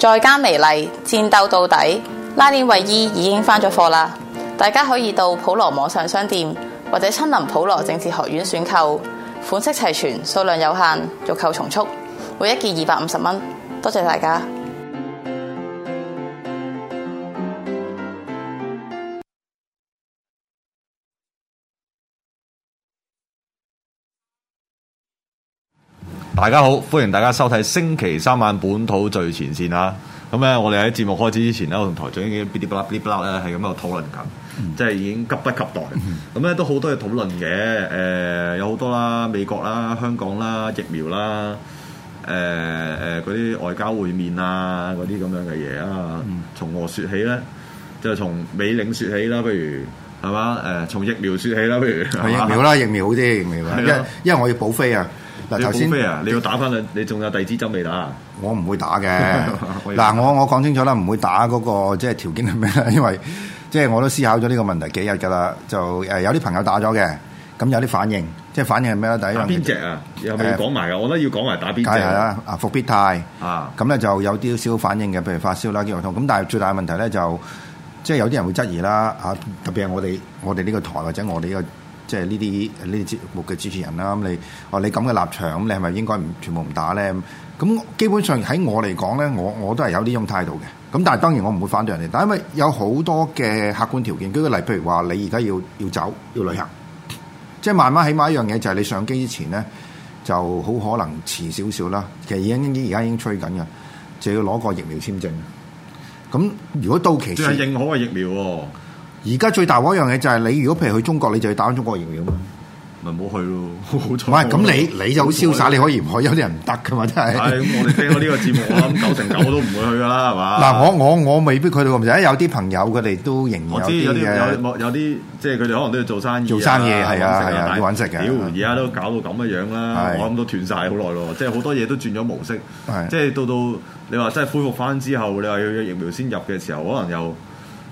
再加美麗，戰鬥到底，拉鏈衞衣已經翻咗貨啦！大家可以到普羅網上商店或者親臨普羅政治學院選購，款式齊全，數量有限，欲購從速，每一件二百五十蚊。多謝大家。大家好，歡迎大家收睇星期三晚本土最前線啊！咁咧，我哋喺節目開始之前咧，我同台長已經噼里啪啦、噼里啪啦咧，係咁度討論緊，即係已經急不及待。咁咧都好多嘢討論嘅，誒，有好多啦，美國啦、香港啦、疫苗啦，誒誒，嗰啲外交會面啊，嗰啲咁樣嘅嘢啊。從何說起咧？就係從美領說起啦，不如係嘛，誒，從疫苗說起啦，不如疫苗啦，疫苗好啲，疫苗。因因為我要保飛啊。嗱，頭先咩啊？先你要打翻佢，你仲有第二支針未打？我唔會打嘅。嗱 以為，我我講清楚啦，唔會打嗰、那個，即、就、係、是、條件係咩咧？因為即係、就是、我都思考咗呢個問題幾日㗎啦。就誒、呃、有啲朋友打咗嘅，咁有啲反應，即、就、係、是、反應係咩咧？第一邊隻啊，又係講埋嘅，我覺得要講埋打邊隻啊，啊復、呃、必泰啊，咁咧就有啲小反應嘅，譬如發燒啦、肌肉痛咁。但係最大問題咧就即係、就是、有啲人會質疑啦，啊特別係我哋我哋呢個台或者我哋呢、這個。即係呢啲呢啲節目嘅主持人啦，咁你哦你咁嘅立場，你係咪應該唔全部唔打咧？咁基本上喺我嚟講咧，我我都係有呢種態度嘅。咁但係當然我唔會反對人哋，但係因為有好多嘅客觀條件。舉個例，譬如話你而家要要走要旅行，即係慢慢起碼一樣嘢就係你上機之前咧，就好可能遲少少啦。其實已經而家已經催緊嘅，就要攞個疫苗簽證。咁如果到期，係認可嘅疫苗、哦。而家最大嗰一樣嘢就係你，如果譬如去中國，你就去打緊中國疫苗嘛？咪唔好去咯，唔係咁你你就好瀟灑，你可以唔去。有啲人唔得噶嘛，真係。咁我哋聽咗呢個節目我諗九成九都唔會去噶啦，係嘛？嗱，我我我未必佢哋咁有啲朋友佢哋都仍有啲嘅。有啲即係佢哋可能都要做生意，做生意係啊係啊，要揾食嘅。屌，而家都搞到咁嘅樣啦，我諗都斷晒好耐咯，即係好多嘢都轉咗模式。即係到到你話真係恢復翻之後，你話要要疫苗先入嘅時候，可能又。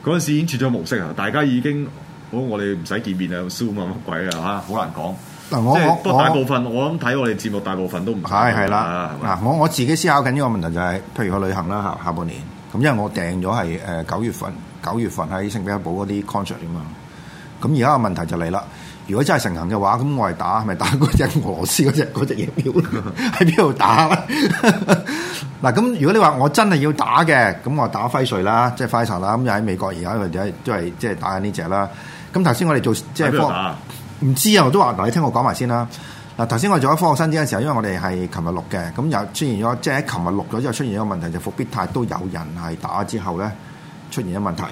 嗰陣時已經轉咗模式啊！大家已經好、哦，我哋唔使見面啊，show 乜乜鬼啊嚇，好難講。嗱我，是我講即大部分，我諗睇我哋節目，大部分都唔係，係啦。嗱，我我自己思考緊呢個問題就係、是，譬如去旅行啦嚇，下半年。咁因為我訂咗係誒九月份，九月份喺聖彼得堡嗰啲 contract 啊嘛。咁而家個問題就嚟啦。如果真係成行嘅話，咁我係打係咪打嗰隻俄羅斯嗰隻嗰隻疫苗？喺邊度打？嗱 咁，如果你話我真係要打嘅，咁我打輝瑞啦，即係輝瑞啦，咁又喺美國而家佢哋都係即係打緊呢隻啦。咁頭先我哋做即係科唔知啊，我都話你聽我講埋先啦。嗱，頭先我做咗科學新知嘅時候，因為我哋係琴日錄嘅，咁又出現咗，即係喺琴日錄咗之後出現咗個問題，就伏必泰都有人係打之後咧出現咗問題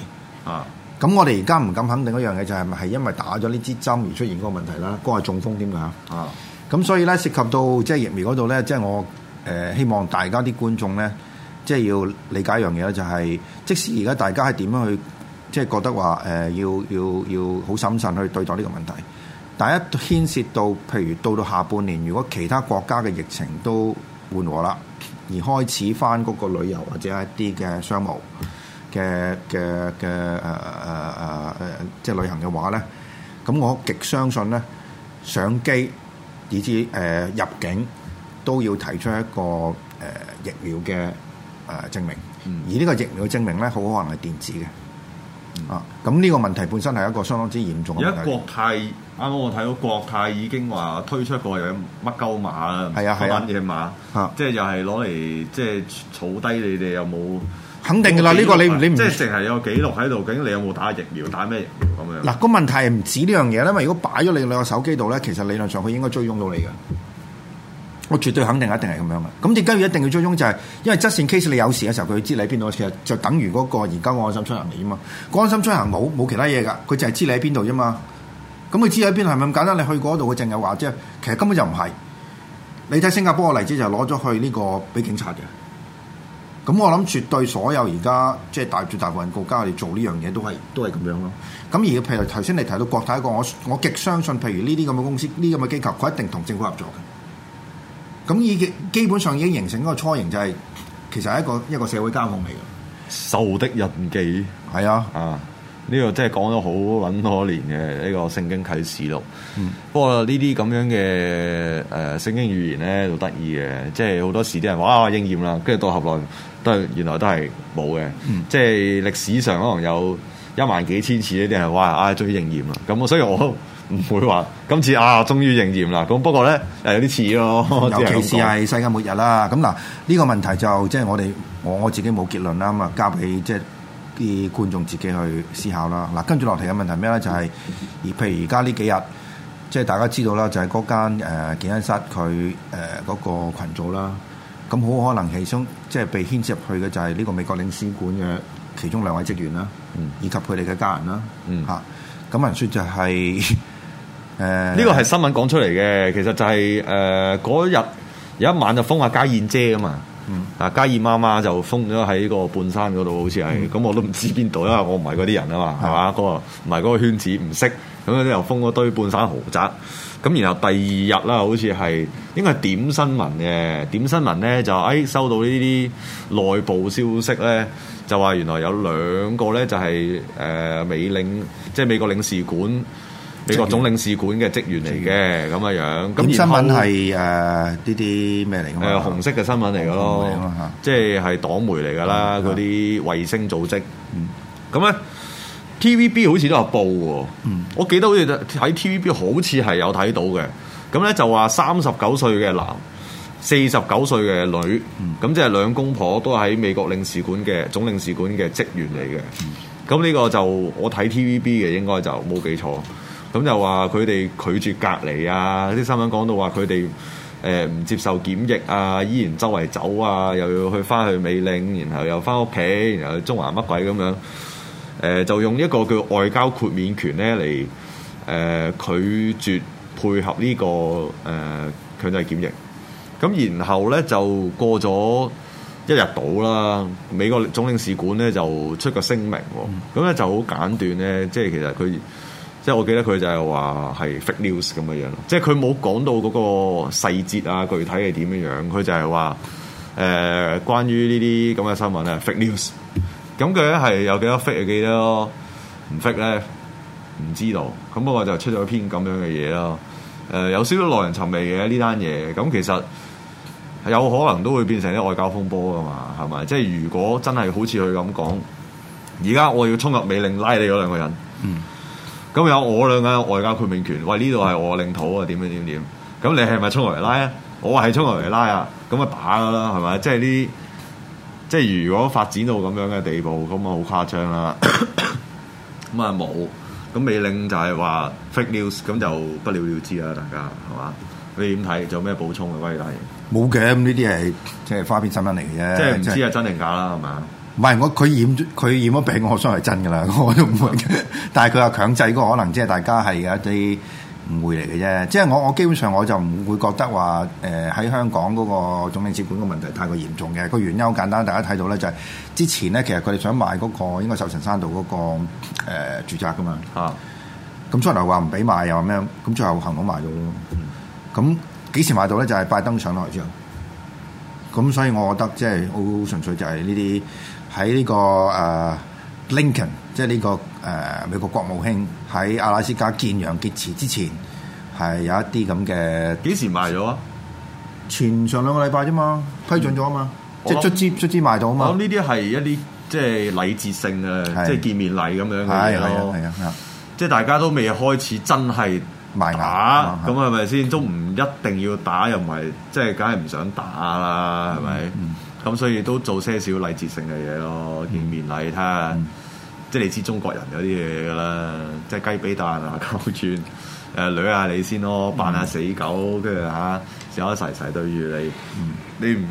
啊。咁我哋而家唔敢肯定一樣嘢，就係咪係因為打咗呢支針而出現嗰個問題啦？嗰個係中風添噶？啊！咁所以咧，涉及到即係疫苗嗰度咧，即係我誒希望大家啲觀眾咧，即係要理解一樣嘢啦，就係即使而家大家係點樣去，即係覺得話誒要要要好審慎去對待呢個問題，但係一牽涉到譬如到到下半年，如果其他國家嘅疫情都緩和啦，而開始翻嗰個旅遊或者一啲嘅商務。嘅嘅嘅誒誒誒誒，即係旅行嘅話咧，咁我極相信咧，相機以至誒、呃、入境都要提出一個誒、呃、疫苗嘅誒、呃、證明，而呢個疫苗嘅證明咧，好可能係電子嘅。嗯、啊，咁呢個問題本身係一個相當之嚴重嘅問題。而家國泰啱啱我睇到國泰已經話推出過有乜鳩碼啊？係呀，係呀，乜嘢碼，即係又係攞嚟即係儲低你哋有冇？肯定噶啦，呢個你你唔即係成日有記錄喺度，究竟你有冇打疫苗，打咩疫苗咁樣？嗱，個問題係唔止呢樣嘢咧，因為如果擺咗你兩個手機度咧，其實理論上佢應該追蹤到你嘅。我絕對肯定一定係咁樣嘅。咁你今要一定要追蹤就係、是，因為 just in case 你有事嘅時候，佢會知你喺邊度，其實就等於嗰個而家安心出行嚟啊嘛。安心出行冇冇其他嘢噶，佢就係知你喺邊度啫嘛。咁佢知喺邊係咪咁簡單？你去過嗰度佢淨係話即係，其實根本就唔係。你睇新加坡個例子就攞、是、咗去呢個俾警察嘅。咁我諗絕對所有而家即係大絕大部分國家哋做呢樣嘢都係都係咁樣咯。咁而譬如頭先你提到國泰一個，我我極相信譬如呢啲咁嘅公司、呢啲咁嘅機構，佢一定同政府合作嘅。咁已經基本上已經形成一個雛形、就係，就係其實係一個一個社會監控嚟嘅。獸的印記係啊啊！啊呢個真係講咗好撚多年嘅呢、這個聖經啟示錄。嗯、不過呢啲咁樣嘅誒、呃、聖經語言咧，好得意嘅，即係好多時啲人哇、啊、應驗啦，跟住到後來都原來都係冇嘅。嗯、即係歷史上可能有一萬幾千次咧，啲人話啊終於應驗啦。咁所以我都唔會話今次啊終於應驗啦。咁不過咧誒有啲似咯，尤其是係 世界末日啦。咁嗱呢個問題就即、是、係、就是、我哋我我自己冇結論啦。咁啊交俾即係。啲觀眾自己去思考啦。嗱，跟住落嚟嘅問題咩咧？就係、是、而譬如而家呢幾日，即係大家知道啦，就係嗰間誒健身室佢誒嗰個群組啦。咁好可能其中即係被牽涉入去嘅就係呢個美國領事館嘅其中兩位職員啦，嗯、以及佢哋嘅家人啦。嗯，咁啊，説就係、是、誒，呢、呃、個係新聞講出嚟嘅。其實就係誒嗰日有一晚就封下家燕姐噶嘛。啊！嘉爾、嗯、媽媽就封咗喺個半山嗰度，好似係咁，嗯、我都唔知邊度，因為我唔係嗰啲人啊嘛，係嘛、嗯？嗰吧、那個唔係嗰圈子，唔識咁咧，又封咗堆半山豪宅。咁然後第二日啦，好似係應該係點新聞嘅點新聞咧，就誒、哎、收到呢啲內部消息咧，就話原來有兩個咧、就係呃，就係誒美領即係美國領事館。美國總領事館嘅職員嚟嘅咁嘅樣，咁新聞係誒呢啲咩嚟？誒、呃呃、紅色嘅新聞嚟嘅咯，即係係黨媒嚟噶啦，嗰啲衞星組織。咁咧，TVB 好似都有報喎。嗯、我記得好似喺 TVB 好似係有睇到嘅。咁咧就話三十九歲嘅男，四十九歲嘅女，咁、嗯、即係兩公婆都喺美國領事館嘅總領事館嘅職員嚟嘅。咁呢、嗯、個就我睇 TVB 嘅，應該就冇記錯。咁又話佢哋拒絕隔離啊！啲新聞講到話佢哋誒唔接受檢疫啊，依然周圍走啊，又要去翻去美領，然後又翻屋企，然後去中環乜鬼咁樣？誒、呃、就用一個叫外交豁免權咧嚟誒拒絕配合呢、這個誒強制檢疫。咁然後咧就過咗一日到啦，美國總領事館咧就出個聲明喎。咁、哦、咧、嗯、就好簡短咧，即係其實佢。即係我記得佢就係話係 fake news 咁嘅樣咯，即係佢冇講到嗰個細節啊，具體係點樣樣，佢就係話誒關於呢啲咁嘅新聞咧 fake news，咁佢咧係有幾多 fake 又幾多唔 fake 咧，唔知道。咁不過就出咗一篇咁樣嘅嘢咯。誒、呃、有少少耐人尋味嘅呢單嘢。咁其實有可能都會變成啲外交風波㗎嘛，係咪？即係如果真係好似佢咁講，而家我要衝入美領拉你嗰兩個人。嗯。咁有我兩個外交豁免權，喂呢度係我領土啊，點樣點點？咁你係咪衝嚟拉啊？我話係衝嚟拉啊！咁啊打噶啦，係咪？即係呢？即係如果發展到咁樣嘅地步，咁啊好誇張啦！咁啊冇，咁 未領就係話 fake news，咁就不了了之啦，大家係嘛？你點睇？仲有咩補充嘅威大？冇嘅，咁呢啲係即係花邊新聞嚟嘅啫，即係唔知係、就是、真定假啦，係嘛？唔係我佢染佢染咗病，我相信係真噶啦，我都唔會。但係佢話強制嗰個可能，即係大家係一啲誤會嚟嘅啫。即係我我基本上我就唔會覺得話誒喺香港嗰個總領事館個問題太過嚴重嘅。個原因好簡單，大家睇到咧就係之前咧其實佢哋想賣嗰個應該壽臣山道嗰個誒住宅噶嘛。嚇、啊！咁出嚟話唔俾賣又話咩？咁最後幸好賣咗咯。咁幾時賣到咧？就係拜登上台之後。咁所以我覺得即係好純粹就係呢啲。喺呢個 Lincoln，即係呢個誒美國國務卿喺阿拉斯加見楊潔篪之前，係有一啲咁嘅幾時賣咗啊？前上兩個禮拜啫嘛，批准咗啊嘛，即係出資出資賣咗啊嘛。咁呢啲係一啲即係禮節性嘅，即係見面禮咁樣嘅嘢咯。係啊係啊，即係大家都未開始真係打咁係咪先？都唔一定要打，又唔係即係梗係唔想打啦，係咪？咁所以都做些少禮節性嘅嘢咯，見面禮睇下，即係你知中國人嗰啲嘢㗎啦，即係雞髀蛋啊、鳩串，誒捋下你先咯，扮下死狗，跟住吓，笑一齊齊對住你，嗯、你唔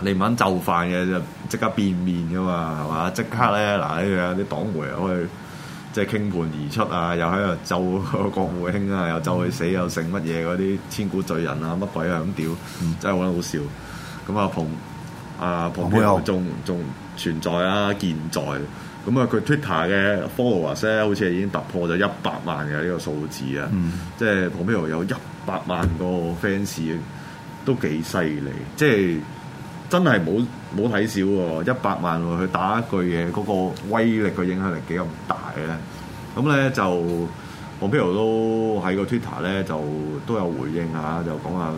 你唔肯就範嘅就即刻變面㗎嘛，係嘛？即刻咧嗱，呢樣啲黨會又去即係傾盤而出啊，又喺度咒國務卿啊，又咒佢死，嗯、又剩乜嘢嗰啲千古罪人啊，乜鬼啊咁屌，嗯、真係玩得好笑。咁阿馮。啊，Pompeo 仲仲存在啊，健在。咁啊，佢 Twitter 嘅 followers 咧、啊，好似係已經突破咗一百萬嘅呢、呢個數字、嗯、啊。即係 Pompeo 有一百萬個 fans，都幾犀利。即係真係冇冇睇少喎，一百萬喎，佢、啊、打一句嘢，嗰、那個威力嘅影響力幾咁大咧。咁咧就 Pompeo 都喺個 Twitter 咧就都有回應下，就講下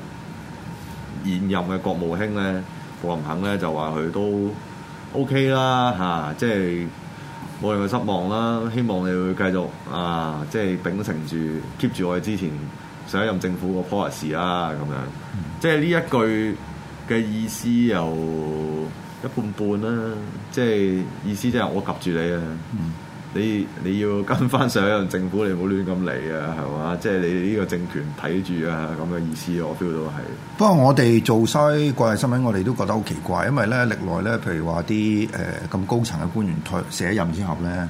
現任嘅國務卿咧布林肯呢，就話佢都 OK 啦，嚇、啊，即係冇任何失望啦。希望你會繼續啊，即係秉承住 keep 住我哋之前上一任政府個 policy 啦，咁樣。即係呢一句嘅意思又一半半啦，即係意思即係我及住你啊。嗯你你要跟翻上一任政府，你唔好亂咁嚟啊，係嘛？即係你呢個政權睇住啊，咁嘅意思我 feel 到係。不過我哋做晒國際新聞，我哋都覺得好奇怪，因為咧歷來咧，譬如話啲誒咁高層嘅官員退卸任之後咧，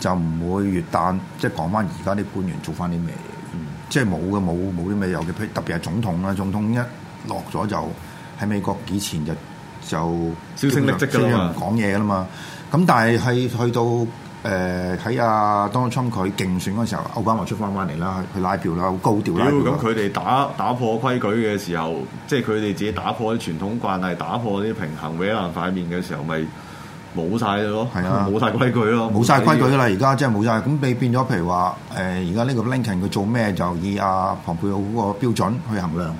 就唔會越旦即係講翻而家啲官員做翻啲咩？嗯，即係冇嘅冇冇啲咩，尤其特別係總統啦，總統一落咗就喺美國以前就就銷聲匿跡㗎啦嘛，嘛，唔講嘢㗎啦嘛。咁但係係去到誒喺阿 Donald Trump 佢競選嗰時候，奧巴馬出翻翻嚟啦，去拉票啦，好高調啦。咁佢哋打打破規矩嘅時候，即係佢哋自己打破啲傳統慣例，打破啲平衡，搲爛塊面嘅時候，咪冇晒咯，係啊，冇晒規矩咯，冇晒規矩啦！而家即係冇晒。咁，你變咗譬如話，誒而家呢個 Blinken 佢做咩就以阿、啊、蓬佩奧嗰個標準去衡量。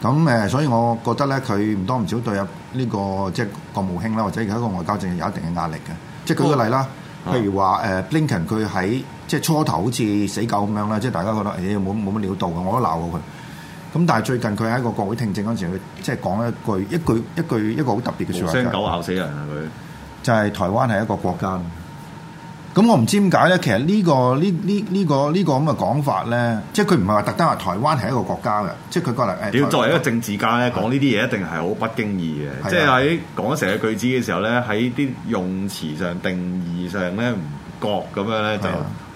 咁誒、呃，所以我覺得咧，佢唔多唔少對入、這、呢個即係、就是、國務卿啦，或者佢一個外交政有一定嘅壓力嘅。即係舉個例啦。Oh. 譬如話誒，布林肯佢喺即係初頭好似死狗咁樣啦，即係大家覺得誒冇冇乜料到嘅，我都鬧過佢。咁但係最近佢喺一個國會聽證嗰陣時，佢即係講一句一句一句，一句一個好特別嘅説話。無聲狗咬死人啊！佢就係台灣係一個國家。咁、嗯、我唔知點解咧，其實、這個這個這個這個、呢個呢呢呢個呢個咁嘅講法咧，即係佢唔係話特登話台灣係一個國家嘅，即係佢覺得你要作為一個政治家咧，講呢啲嘢一定係好不經意嘅，是的 即係喺講成個句子嘅時候咧，喺啲用詞上、定義上咧，唔覺咁樣咧就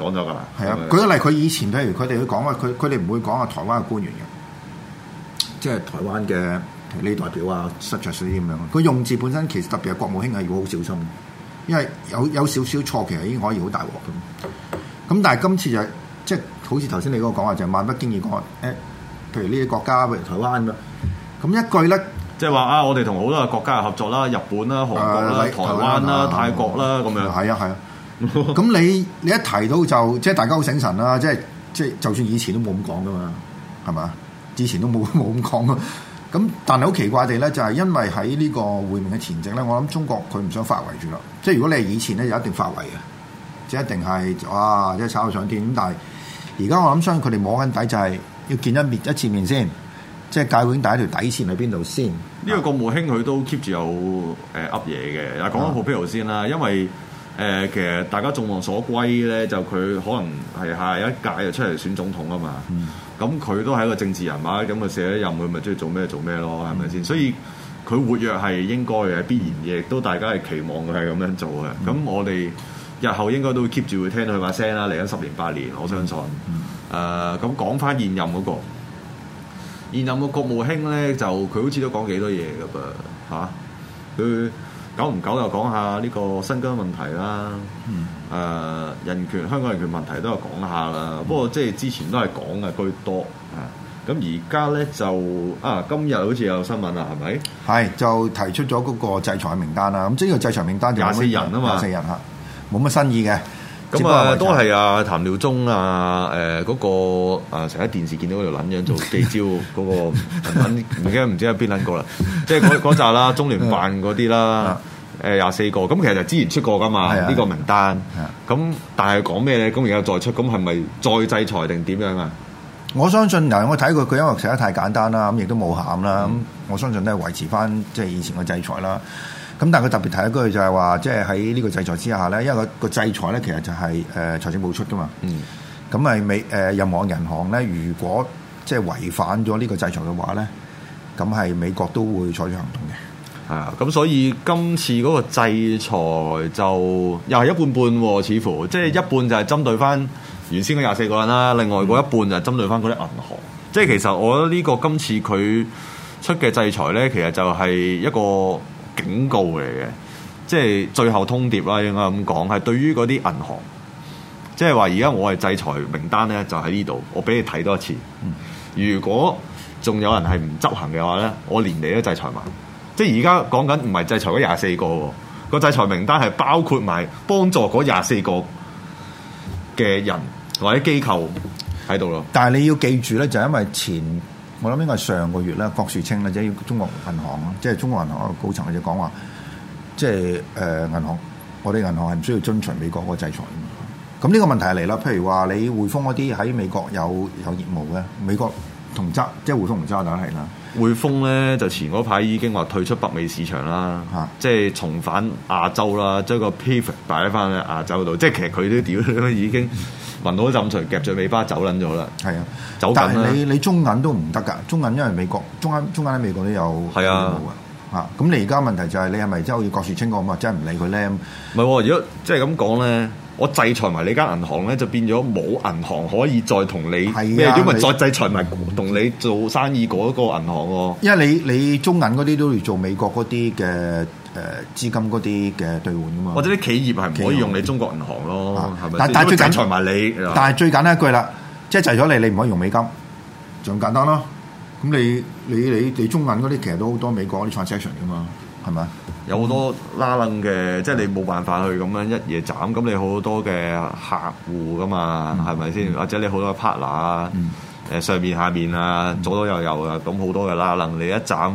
講咗㗎喇。係啊，舉個例佢以前譬如佢哋講啊，佢佢哋唔會講啊台灣嘅官員嘅，即係台灣嘅呢代表啊、失著水咁樣。佢用字本身其實特別係國務卿係要好小心。因為有有少少錯，其實已經可以好大鑊嘅。咁但係今次就即係好似頭先你嗰個講話，就係就係、萬不經意講誒、欸，譬如呢啲國家，譬如台灣咁。咁一句咧，即係話啊，我哋同好多個國家合作啦，日本啦、韓國啦、呃、台灣啦、啊、泰國啦咁、嗯、樣。係啊係啊。咁、啊啊、 你你一提到就即係大家好醒神啦、啊，即係即係就算以前都冇咁講噶嘛，係咪？之前都冇冇咁講。咁但係好奇怪地咧，就係、是、因為喺呢個會面嘅前夕咧，我諗中國佢唔想發圍住啦。即係如果你係以前咧，就一定發圍嘅，即係一定係哇，即係炒到上天。咁但係而家我諗，相信佢哋摸緊底，就係要見一面一次面先，即係界定第一條底線喺邊度先。呢個國務卿佢都 keep 住有誒噏嘢嘅。又講翻 Pompeo 先啦，因為誒、呃、其實大家眾望所歸咧，就佢可能係下一屆就出嚟選總統啊嘛。嗯咁佢都係一個政治人物，咁啊卸咗任佢咪中意做咩做咩咯，係咪先？ 所以佢活躍係應該嘅，必然嘅，亦都大家係期望佢係咁樣做嘅。咁 我哋日後應該都會 keep 住會聽佢把聲啦。嚟緊十年八年，我相信。誒，咁講翻現任嗰、嗰個現任嘅國務卿咧，就佢好似都講幾多嘢㗎噃嚇。佢、啊、久唔久又講下呢個新疆問題啦。 誒人權香港人權問題都有講下啦，嗯、不過即係之前都係講嘅居多啊。咁而家咧就啊，今日好似有新聞啊，係、right? 咪？係就提出咗嗰個制裁名單啦。咁即係制裁名單就廿四人啊嘛，廿四人嚇，冇乜新意嘅。咁、嗯、啊都係啊譚耀宗啊誒嗰、嗰個成日喺電視見到嗰條撚樣做記招、嗰個，嗰 個撚唔記得唔知喺邊撚個啦，即係嗰嗰啦，中聯辦嗰啲啦。誒廿四個咁，其實就之前出過噶嘛呢的個名單。咁的但係講咩咧？咁而家再出，咁係咪再制裁定點樣啊？我相信，嗱，我睇過佢因為寫得太簡單啦，咁亦都冇餡啦。咁、嗯、我相信都係維持翻即係以前嘅制裁啦。咁但係佢特別提一句就係話，即係喺呢個制裁之下咧，因為個制裁咧其實就係誒財政部出噶嘛。咁係、嗯、美誒任何銀行咧，如果即係違反咗呢個制裁嘅話咧，咁係美國都會採取行動嘅。係啊，咁所以今次嗰個制裁就又係一半半喎，似乎即係一半就係針對翻原先嗰廿四個人啦，另外嗰一半就係針對翻嗰啲銀行。即係其實我覺得呢個今次佢出嘅制裁呢，其實就係一個警告嚟嘅，即係最後通牒啦，應該咁講係對於嗰啲銀行，即係話而家我係制裁名單呢，就喺呢度，我俾你睇多一次。如果仲有人係唔執行嘅話呢，我連你都制裁埋。即係而家講緊唔係制裁嗰廿四個喎，個制裁名單係包括埋幫助嗰廿四個嘅人或者機構喺度咯。但係你要記住咧，就係、是、因為前我諗應該係上個月啦，郭樹清即係中國銀行啊，即係中國銀行一個高層佢就講話，即係誒、呃、銀行，我哋銀行係唔需要遵循美國嗰個制裁。咁呢個問題嚟啦，譬如話你匯豐嗰啲喺美國有有業務嘅，美國同揸即係匯豐同渣打就係啦。匯豐咧就前嗰排已經話退出北美市場啦，啊、即係重返亞洲啦，將個 pivot 擺喺翻喺亞洲度，即係其實佢都屌，已經聞到一陣除夾住尾巴走撚咗啦。係啊，走緊啦！但係你你中銀都唔得㗎，中銀因為美國中銀中銀喺美國都有係啊，嚇、啊！咁你而家問題就係、是、你係咪即係要郭樹清講，唔係真係唔理佢咧？唔係喎，如果即係咁講咧。我制裁埋你間銀行咧，就變咗冇銀行可以再同你咩點啊？的因為再制裁埋同你,你做生意嗰個銀行喎。因為你你中銀嗰啲都要做美國嗰啲嘅誒資金嗰啲嘅兌換啊嘛。或者啲企業係唔可以用你中國銀行咯？係咪後？係係但係最簡，你但係最簡單一句啦，即係制裁你，你唔可以用美金，就咁簡單咯。咁你你你哋中銀嗰啲其,其實都好多美國嗰啲 transaction 㗎嘛。係嘛？有好多拉楞嘅，即係你冇辦法去咁樣一夜斬。咁你好多嘅客戶噶嘛，係咪先？吧或者你好多 partner 啊、嗯，誒上面下面啊，左、嗯、左右右啊，咁好多嘅拉楞。你一斬，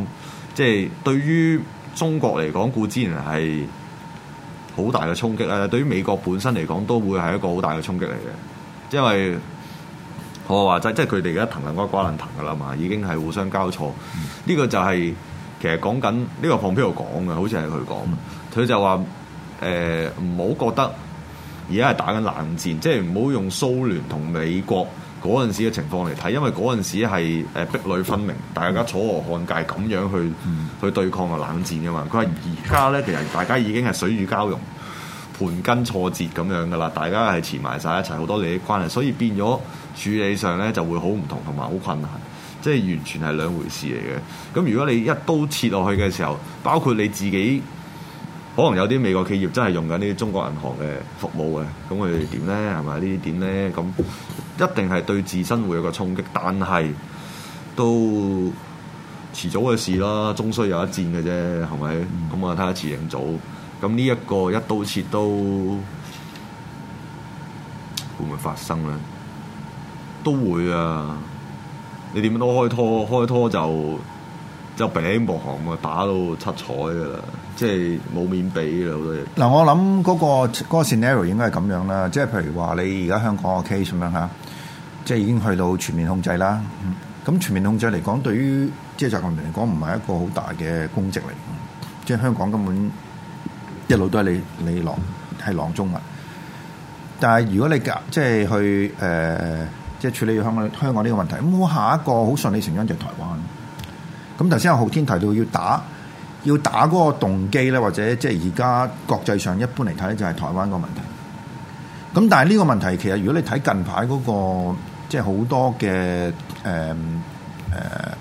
即係對於中國嚟講，固之然係好大嘅衝擊啦。對於美國本身嚟講，都會係一個好大嘅衝擊嚟嘅。因為好我話齋，即係佢哋而家藤纏瓜瓜纏藤㗎啦嘛，已經係互相交錯。呢、嗯、個就係、是。其實講緊呢個蓬佩奧講嘅，好似係佢講，佢就話誒唔好覺得而家係打緊冷戰，即係唔好用蘇聯同美國嗰陣時嘅情況嚟睇，因為嗰陣時係壁壘分明，大家楚河漢界咁樣去、嗯、去對抗個冷戰嘅嘛。佢話而家咧，其實大家已經係水乳交融、盤根錯節咁樣嘅啦，大家係纏埋晒一齊，好多利益關係，所以變咗處理上咧就會好唔同，同埋好困難。即係完全係兩回事嚟嘅。咁如果你一刀切落去嘅時候，包括你自己，可能有啲美國企業真係用緊呢啲中國銀行嘅服務嘅，咁佢哋點咧？係咪呢啲點咧？咁一定係對自身會有個衝擊，但係都遲早嘅事啦，終須有一戰嘅啫，係咪？咁啊、嗯，睇下遲定早。咁呢一個一刀切都會唔會發生咧？都會啊！你點樣都開拖，開拖就就餅薄行嘛，打到七彩噶啦，即係冇面畀啦好多嘢。嗱，我諗嗰、嗰個嗰、嗰個、scenario 應該係咁樣啦，即係譬如話你而家香港嘅 case 咁樣吓，即係已經去到全面控制啦。咁、嗯、全面控制嚟講，對於即係習近平嚟講，唔係一個好大嘅功績嚟。即係香港根本一路都係你、嗯、你囊係囊中物。但係如果你即係去誒。呃即係處理香港香港呢個問題，咁我下一個好順理成章就係台灣。咁頭先阿浩天提到要打要打嗰個動機咧，或者即係而家國際上一般嚟睇就係台灣個問題。咁但係呢個問題其實如果你睇近排嗰個即係好多嘅誒誒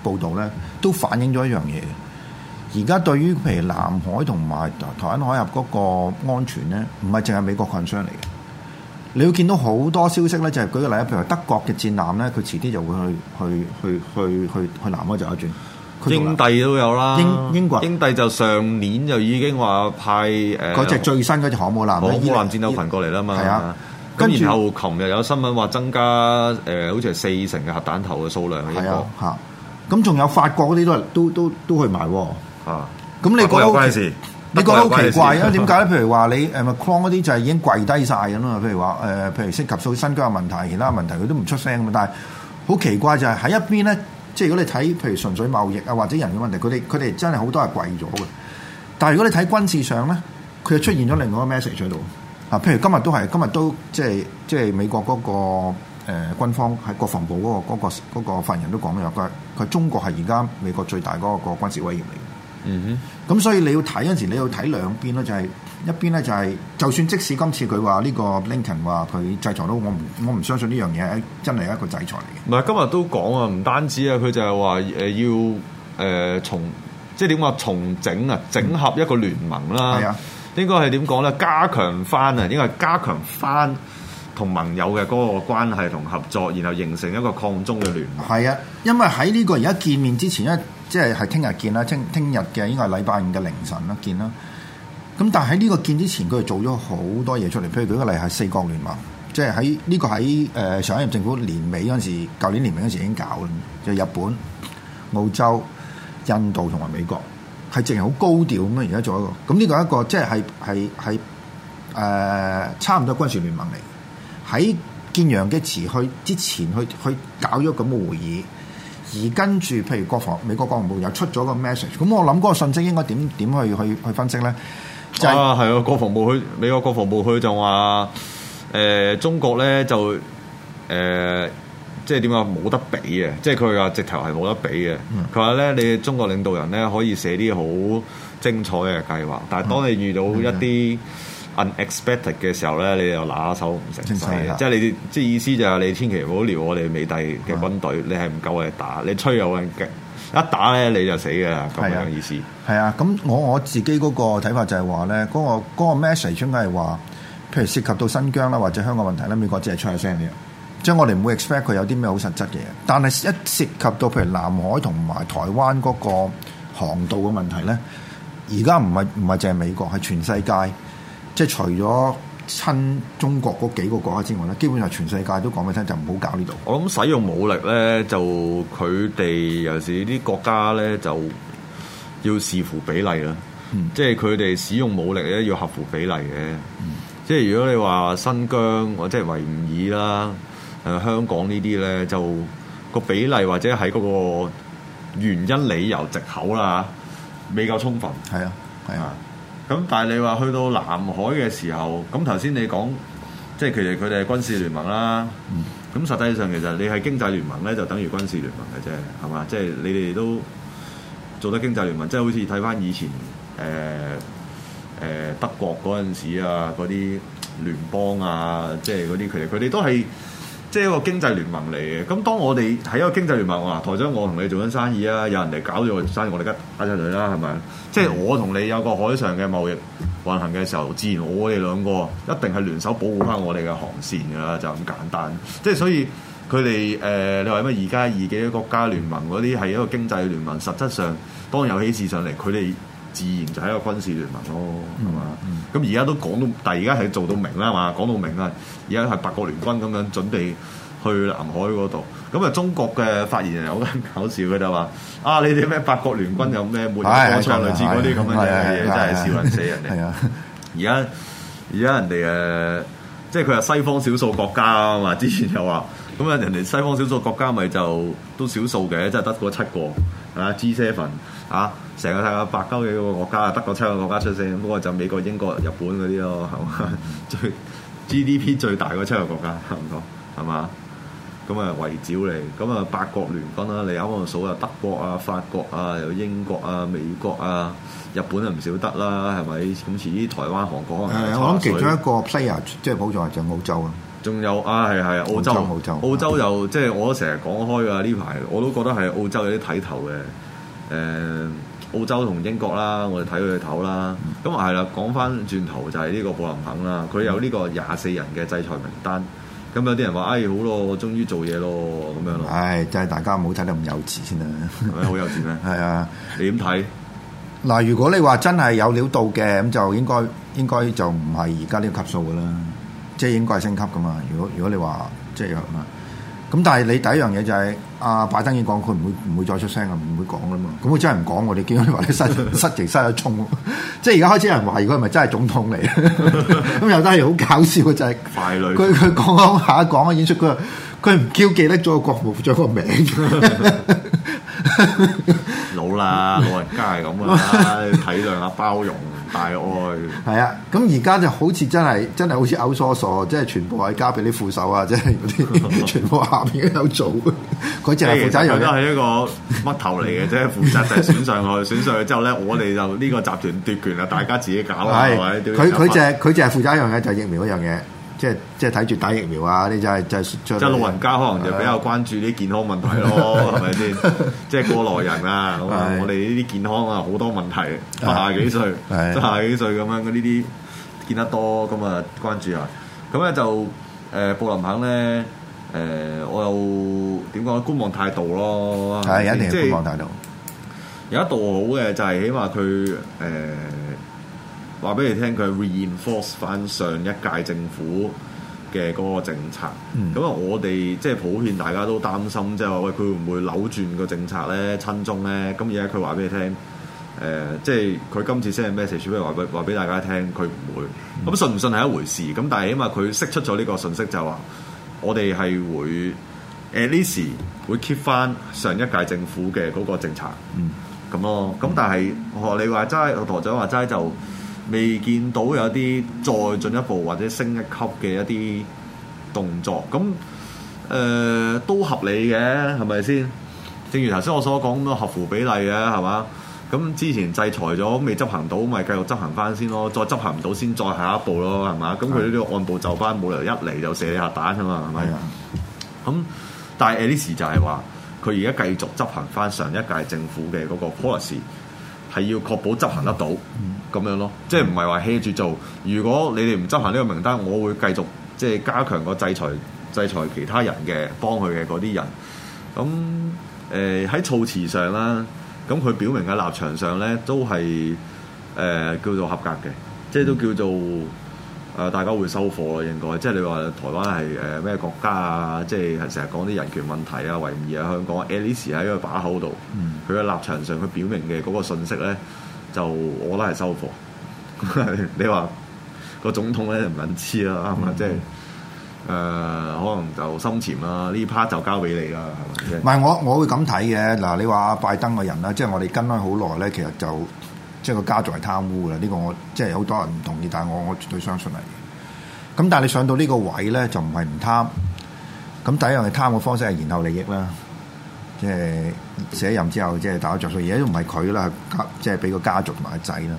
報道咧，都反映咗一樣嘢。而家對於譬如南海同埋台灣海峽嗰個安全咧，唔係淨係美國 concern 嚟嘅。你會見到好多消息咧，就係、是、舉個例，譬如德國嘅戰艦咧，佢遲啲就會去去去去去去南海走一轉。英帝都有啦，英英國。英帝就上年就已經話派誒。嗰隻最新嗰隻航母艦。航母艦戰鬥群過嚟啦嘛。係啊。咁然後琴日有新聞話增加誒、呃，好似係四成嘅核彈頭嘅數量係啊。咁仲、啊、有法國嗰啲都都都都，都去埋喎。咁你關得？關事？ 你覺得好奇怪啊？點解咧？譬如話你誒 Macron 嗰啲就係已經跪低曬咁啊？譬如話誒、呃，譬如涉及數新疆嘅問題、其他問題，佢都唔出聲啊。但係好奇怪就係喺一邊咧，即係如果你睇譬如純粹貿易啊或者人嘅問題，佢哋佢哋真係好多係跪咗嘅。但係如果你睇軍事上咧，佢又出現咗另外一個 message 喺度啊。譬如今日都係今日都即係即係美國嗰、嗰個誒、呃、軍方喺國防部嗰、嗰個嗰、嗰個嗰、嗰個嗰個、人都講咗，佢佢中國係而家美國最大嗰個軍事威脅嚟。嗯哼，咁、mm hmm. 所以你要睇嗰陣時，你要睇兩邊啦。就係、是、一邊咧就係、是，就算即使今次佢話呢個 Lincoln 話佢制裁到我唔，我唔相信呢樣嘢真係一個制裁嚟嘅。唔係今日都講啊，唔單止啊，佢就係話誒要誒、呃、重，即係點講重整啊，整合一個聯盟啦。係啊、mm hmm.，應該係點講咧？加強返啊，應該係加強返同盟友嘅嗰個關係同合作，然後形成一個抗中嘅聯盟。係啊，因為喺呢個而家見面之前，因即係係聽日見啦，聽聽日嘅應該係禮拜五嘅凌晨啦見啦。咁但係喺呢個見之前，佢做咗好多嘢出嚟。譬如舉個例係四國聯盟，即係喺呢個喺誒、呃、上一任政府年尾嗰陣時，舊年年尾嗰陣時已經搞啦，就、日本、澳洲、印度同埋美國係淨係好高調咁樣而家做一個。咁呢個一個即係係係係差唔多軍事聯盟嚟。喺見楊潔篪去之前去，去去搞咗咁嘅會議。而跟住，譬如國防美國國防部又出咗個 message，咁我諗嗰個信息應該點點去去去分析咧？就係、啊，係啊，國防部佢美國國防部佢就話誒、呃、中國咧就誒、呃、即係點講冇得比嘅，即係佢話直頭係冇得比嘅。佢話咧，你中國領導人咧可以寫啲好精彩嘅計劃，但係當你遇到一啲。嗯 Unexpected 嘅時候咧，你又拿手唔成，是即係你即係意思就係你千祈唔好撩我哋美帝嘅軍隊，啊、你係唔夠我哋打，你吹有嘅一打咧你，你就死㗎喇，咁樣嘅意思。係啊，咁、啊、我我自己嗰個睇法就係話咧，嗰、嗰個 message 應該係話，譬如涉及到新疆啦或者香港問題咧，美國只係出下聲嘅，即係我哋唔會 expect 佢有啲咩好實質嘅嘢。但係一涉及到譬如南海同埋台灣嗰個航道嘅問題咧，而家唔係唔係淨係美國，係全世界。即係除咗親中國嗰幾個國家之外咧，基本上全世界都講俾佢聽，就唔好搞呢度。我諗使用武力咧，就佢哋有時啲國家咧，就要視乎比例啦。嗯、即係佢哋使用武力咧，要合乎比例嘅。嗯、即係如果你話新疆即維、呃、或者維吾爾啦、誒香港呢啲咧，就個比例或者喺嗰個原因理由藉口啦嚇，未夠充分。係啊，係啊。咁但係你話去到南海嘅時候，咁頭先你講，即係其實佢哋係軍事聯盟啦。咁、嗯、實際上其實你係經濟聯盟咧，就等於軍事聯盟嘅啫，係嘛？即係你哋都做得經濟聯盟，即係好似睇翻以前誒誒、呃呃、德國嗰陣時啊，嗰啲聯邦啊，即係嗰啲佢哋，佢哋都係。即係一個經濟聯盟嚟嘅，咁當我哋係一個經濟聯盟，嗱台長我同你做緊生意啊，有人哋搞咗個生意，我哋吉拉曬佢啦，係咪？ 即係我同你有個海上嘅貿易運行嘅時候，自然我哋兩個一定係聯手保護翻我哋嘅航線㗎啦，就咁簡單。即係所以佢哋誒，你話乜而家二幾多國家聯盟嗰啲係一個經濟聯盟，實質上當有起事上嚟，佢哋，自然就一個軍事聯盟咯，係嘛、哦？咁而家都講到，但而家係做到明啦嘛，講到明啦。而家係八國聯軍咁樣準備去南海嗰度。咁啊，中國嘅發言又好搞笑嘅，就話啊，你哋咩八國聯軍有咩沒落歌唱，類似嗰啲咁樣嘅嘢，哎哎哎、真係笑人死人。係啊、哎呀，而家而家人哋誒，即係佢話西方少數國家啊嘛。之前又話咁啊，人哋西方少數國家咪就都少數嘅，即係得嗰七個啊，支斯芬。嚇！成、啊、個睇下百幾嘅嗰個國家啊，德國七個國家出聲，不過就是美國、英國、日本嗰啲咯，係嘛？最 GDP 最大嘅七個國家差唔多，係嘛？咁啊圍繞嚟，咁啊八國聯軍啦，你啱啱數啊德國啊、法國啊、又英國啊、美國啊、日本啊唔少得啦，係咪？咁似台灣、韓國。啊。嗯、我諗其中一個 player，即係好在就是、澳洲，澳洲啊，仲有啊，係係澳、澳洲，澳洲又即係我都成日講開㗎呢排，我都覺得係澳洲有啲睇頭嘅。誒、呃、澳洲同英國啦，我哋睇佢頭啦。咁啊係啦，講翻轉頭就係、是、呢個布林肯啦。佢有呢個廿四人嘅制裁名單。咁有啲人話，哎，好咯，我終於做嘢咯，咁樣咯。唉，就係、是、大家唔好睇得咁幼稚先啦，係咪好幼稚咩？係 啊，你點睇？嗱，如果你話真係有料到嘅，咁就應該應該就唔係而家呢個級數噶啦，即係應該係升級噶嘛。如果如果你話即係咁咁但係你第一樣嘢就係、是、阿、啊、拜登已經講，佢唔會唔會再出聲啊，唔會講啦嘛。咁佢真係唔講喎，你見到佢話你失失情、失咗衝，即係而家開始有人懷疑佢係咪真係總統嚟？咁又真係好搞笑嘅就係，佢佢講講下講啊，演出佢佢唔叫記，拎咗個國務長個名。 老啦，老人家係咁啊， 體諒下、啊、包容。大愛係啊！咁而家就好似真係真係好似 outsource，即係全部係交俾啲副手啊！即係啲全部下邊都有做。佢淨係負責一樣，都係一個乜頭嚟嘅，即係 負責就係選上去，選上去之後咧，我哋就呢個集團奪權啊！大家自己搞啦，佢佢淨係佢淨係負責一樣嘢，就係疫苗一樣嘢。即係即係睇住打疫苗啊！啲就係、是、就係、是就是、即係老人家可能就比較關注啲健康問題咯，係咪先？即、就、係、是、過來人啊！咁、 嗯、我哋呢啲健康啊好多問題，八廿幾歲，七廿 幾歲咁樣呢啲啲見得多咁啊，關注啊！咁咧就誒布林肯咧誒，我又點講？觀望態度咯，係、 嗯、一定係觀望態度、就是。是有一度好嘅就係起碼佢誒。呃話俾你聽，佢 reinforce 翻上一屆政府嘅嗰個政策。咁啊、嗯，我哋即係普遍大家都擔心，即係話喂，佢會唔會扭轉個政策咧、親中咧？咁而家佢話俾你聽，誒、呃，即係佢今次先係 message，不如話話俾大家聽，佢唔會。咁信唔信係一回事。咁但係起碼佢釋出咗呢個訊息就，就話我哋係會 at least 會 keep 翻上，上一屆政府嘅嗰個政策。咁、嗯、咯。咁但係我、嗯、你話齋，我台長話齋就。就未見到有啲再進一步或者升一級嘅一啲動作，咁誒、呃、都合理嘅，係咪先？正如頭先我所講咁咯，合乎比例嘅係嘛？咁之前制裁咗未執行到，咪繼續執行翻先咯，再執行唔到先再下一步咯，係嘛？咁佢呢啲按部就班，冇理由一嚟就射你核彈啊嘛，係咪？咁吧但係 e l l 就係話佢而家繼續執行翻上一屆政府嘅嗰個 policy。係要確保執行得到咁樣咯，即係唔係話 hea 住做。如果你哋唔執行呢個名單，我會繼續即係加強個制裁，制裁其他人嘅幫佢嘅嗰啲人。咁誒，喺措辭上啦，咁佢表明嘅立場上咧都係誒、呃、叫做合格嘅，即係都叫做。嗯誒，大家會收貨咯，應該即係你話台灣係誒咩國家啊？即係成日講啲人權問題啊、維護啊香港，Alice 喺個把口度，佢嘅、嗯、立場上佢表明嘅嗰個信息咧，就我都係收貨。 你話、個總統咧唔撚知啦，咁啊、嗯、即係誒、呃，可能就深潛啦。呢 part 就交俾你啦，係咪唔係我，我會咁睇嘅。嗱，你話拜登嘅人啦，即、就、係、是、我哋跟開好耐咧，其實就。即係個家族係貪污嘅啦，呢個我即係好多人唔同意，但係我我絕對相信係。咁但係你上到呢個位咧，就唔係唔貪。咁第一樣係貪嘅方式係然後利益啦。即係卸任之後，即係打咗著數，而家都唔係佢啦，即係俾個家族同埋個仔啦。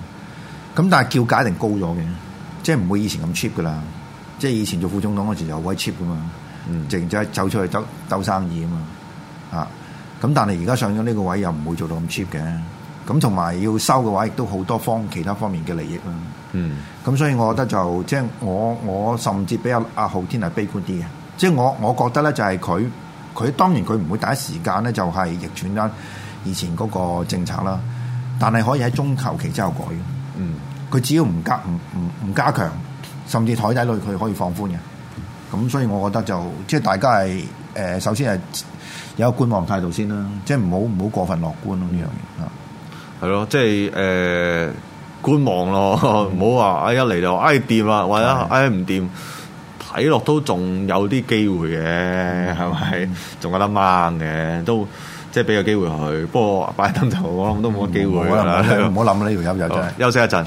咁但係叫價一定高咗嘅，即係唔會以前咁 cheap 噶啦。即係以前做副總統嗰時好鬼 cheap 噶嘛，直、嗯、即係走出去兜兜生意啊嘛。啊，咁但係而家上咗呢個位又唔會做到咁 cheap 嘅。咁同埋要收嘅話，亦都好多方其他方面嘅利益啦。嗯，咁所以我覺得就即係、就是、我我甚至比阿浩天係悲觀啲嘅，即、就、係、是、我我覺得咧就係佢佢當然佢唔會第一時間咧就係逆轉返以前嗰個政策啦，但係可以喺中求其之後改。嗯，佢只要唔加唔唔唔加強，甚至台底裏佢可以放寬嘅。咁所以我覺得就即係、就是、大家係誒、呃、首先係有個觀望態度先啦，即係唔好唔好過分樂觀咯呢、嗯、樣嘢啊。係咯，即係誒、呃、觀望咯，唔好話哎一嚟就哎掂啦，或者哎唔掂，睇落的都仲有啲機會嘅，係咪、嗯？仲有得掹嘅，都即係俾個機會佢。不過拜登就我諗都冇乜機會，唔好諗呢條友，休息一陣。